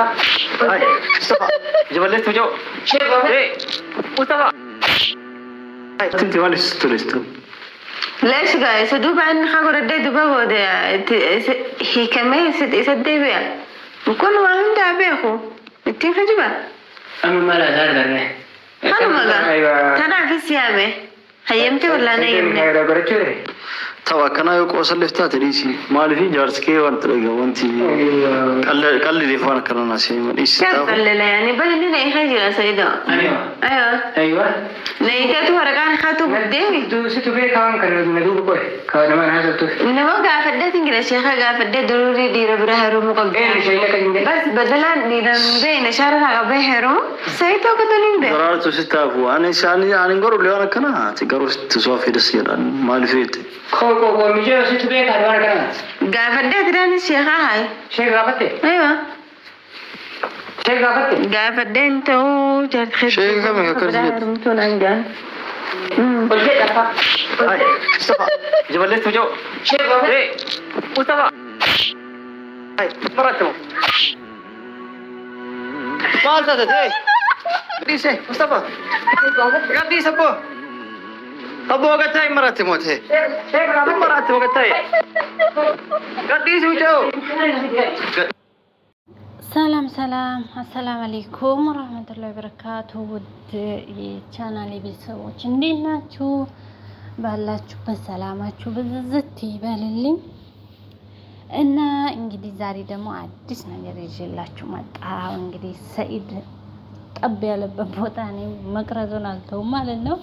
Ay, Mustafa. Llevarle esto yo. Eh, Mustafa. Ay, tú te vales tú esto. ليش قاعد يسدوب عن حقر الديد بابا هي كمان يسد بيها وكل واحد بيخو التين حجبه أما ما لا دار دار حلو مقا تنع في السيامة هيمتي ولا نيمني؟ Tawaakkanaa yoo qoosaleef taate dhiisii maaliif jaarsikee waan itti dhagahu wanti qallileef waan akkana naasee ma dhiisi. Yaa qallila yaani bari ni na ifa jira sa'ida. Aywa. Aywa. Na itatu waraqaan haatu deemi. Situ bee kaan kan na duuba qoye. Kaan nama gaafadheetin jira sheeka gaafadhee daruurii dhiira bira heerumu qabdu bas badalaan dhiiramdee inashaararaa qabee heerumu sayitoo kotolinde garaartu si taafu anin goru liyoon akkana ati garuu sitti soo fidas jedhan maal feete koomijoo situ beekaa waan akkana gaafadhee tiraanis sheekaa haayi sheeka gaafatte aywa sheeka gaafatte gaafadheen ta'uu jaarkee sheeka kamiga kan jedhu Mustafa, jebales tujuh. Hei, Mustafa. Hai, Mustafa tu. Mahal tak tu? Hei, please, hey, Mustafa. Ganti siapa? Kamu agak cai marat semua tu. Kamu marat semua agak cai. Ganti tujuh. ሰላም ሰላም አሰላም አለይኩም ወራህመቱላሂ ወበረካቱ። ውድ የቻናሌ ቤተሰቦች እንዴት ናችሁ? ባላችሁበት ሰላማችሁ ብዝዝት ይበልልኝ እና እንግዲህ ዛሬ ደግሞ አዲስ ነገር ይዤላችሁ መጣሁ። እንግዲህ ሰኢድ ጠብ ያለበት ቦታ ነው መቅረዙን አልተውም ማለት ነው።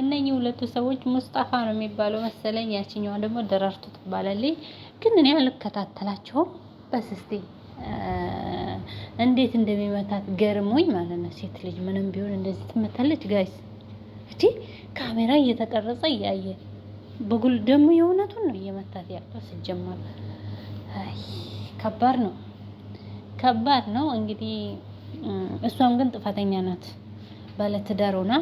እነኚህ ሁለቱ ሰዎች ሙስጣፋ ነው የሚባለው መሰለኝ፣ ያችኛዋ ደግሞ ደራርቱ ትባላለች። ግን እኔ አልከታተላቸውም በስስቴ እንዴት እንደሚመታት ገርሞኝ ማለት ነው። ሴት ልጅ ምንም ቢሆን እንደዚህ ትመታለች ጋይስ እንዴ ካሜራ እየተቀረጸ እያየ በጉል ደግሞ የእውነቱን ነው እየመታት ያለው ሲጀመር። ከባድ ነው ከባድ ነው። እንግዲህ እሷም ግን ጥፋተኛ ናት። ባለ ትዳር ሆና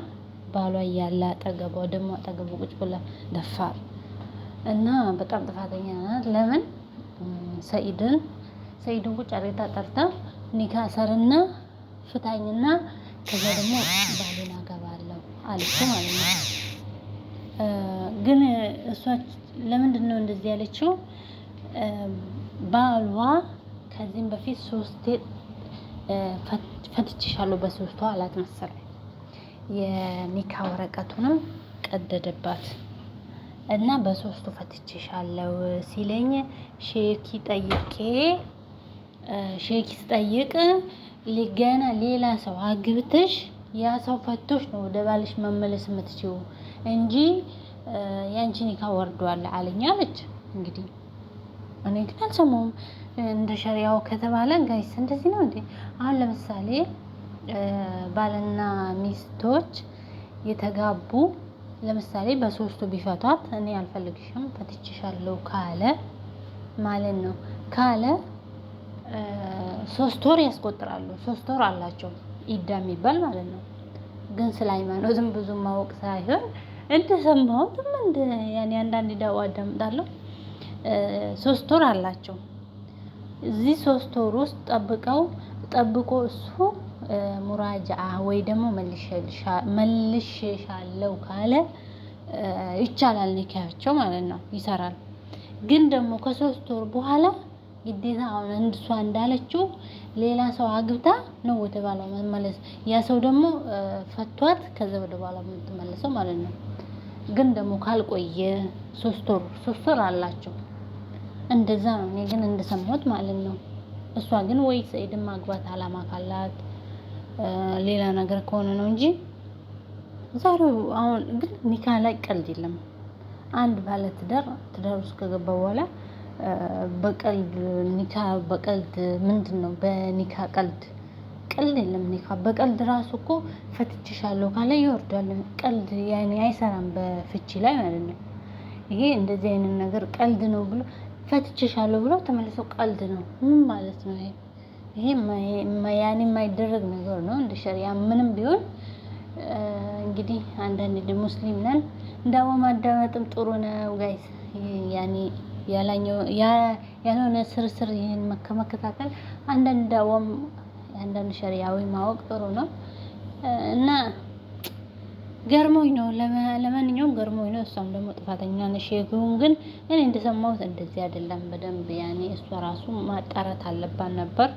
ባሏ እያለ አጠገቧ ደግሞ አጠገቡ ቁጭ ብላ ደፋር እና በጣም ጥፋተኛ ናት። ለምን ሰኢድን ሰኢድን ቁጭ አድርጋ ጠርታ ኒካ ሰርና ፍታኝና ከዛ ደግሞ ባሌና ጋር አለች ማለት ነው። ግን እሷ ለምንድን ነው እንደዚህ ያለችው? ባሏ ከዚህም በፊት ሶስቴ ፈትችሻለሁ በሶስቱ አላት መሰለኝ። የኒካ ወረቀቱንም ቀደደባት እና በሶስቱ ፈትችሻለሁ ሲለኝ ሼኪ ጠይቄ ሼኪ ስጠይቅ ገና ሌላ ሰው አግብተሽ ያ ሰው ፈቶሽ ነው ወደ ባልሽ መመለስ የምትችው እንጂ ያንቺ ኒካ ወርዷል አለኝ አለች። እንግዲህ እኔ ግን አልሰማሁም። እንደ ሸሪያው ከተባለ ጋይስ እንደዚህ ነው እንዴ? አሁን ለምሳሌ ባልና ሚስቶች የተጋቡ ለምሳሌ በሶስቱ ቢፈቷት እኔ አልፈልግሽም ፈትችሻለሁ ካለ ማለት ነው ካለ ሶስት ወር ያስቆጥራሉ። ሶስት ወር አላቸው ኢዳ የሚባል ማለት ነው። ግን ስለ ሃይማኖትም ብዙ ማወቅ ሳይሆን እንደሰማሁትም እንደ ያኔ አንዳንድ ዳዋ አዳምጣለሁ። ሶስት ወር አላቸው። እዚህ ሶስት ወር ውስጥ ጠብቀው ጠብቆ እሱ ሙራጃ ወይ ደግሞ መልሼሻለሁ ካለ ይቻላል፣ ኒካያቸው ማለት ነው ይሰራል። ግን ደግሞ ከሶስት ወር በኋላ ግዴታ አሁን እንድሷ እንዳለችው ሌላ ሰው አግብታ ነው ወደ መመለስ፣ ያ ሰው ደግሞ ፈቷት ከዛ ወደ ባሏ የምትመለሰው ማለት ነው። ግን ደግሞ ካልቆየ ሶስት ወር ሶስት ወር አላቸው እንደዛ ነው። እኔ ግን እንደሰማሁት ማለት ነው። እሷ ግን ወይ ሰኢድን ማግባት አላማ ካላት ሌላ ነገር ከሆነ ነው እንጂ ዛሬው አሁን ግን ኒካ ላይ ቀልድ የለም። አንድ ባለ ትዳር ትዳር ውስጥ ከገባ በኋላ በቀልድ ኒካ በቀልድ ምንድነው? በኒካ ቀልድ ቀልድ የለም። ኒካ በቀልድ ራሱ እኮ ፈትቼሻለሁ ካለ ይወርዳል። ቀልድ ያኔ አይሰራም በፍቺ ላይ ማለት ነው። ይሄ እንደዚህ አይነት ነገር ቀልድ ነው ብሎ ፈትቼሻለሁ ብሎ ተመልሶ ቀልድ ነው ምን ማለት ነው? ይሄ ያኔ የማይደረግ ነገር ነው። እንደ ሸሪያ ምንም ቢሆን እንግዲህ አንዳንድ ሙስሊም ነን እንዳወ ማዳመጥም ጥሩ ነው ጋይስ ያኔ ያለሆነ ያልሆነ ስርስር ይህን ከመከታተል አንዳንድ ዳዋም አንዳንድ ሸሪያዊ ማወቅ ጥሩ ነው እና ገርሞኝ ነው። ለማንኛውም ገርሞኝ ነው። እሷም ደግሞ ጥፋተኛ ነሽ። ይሁን ግን እኔ እንደሰማሁት እንደዚህ አይደለም። በደንብ ያኔ እሷ ራሱ ማጣራት አለባት ነበር።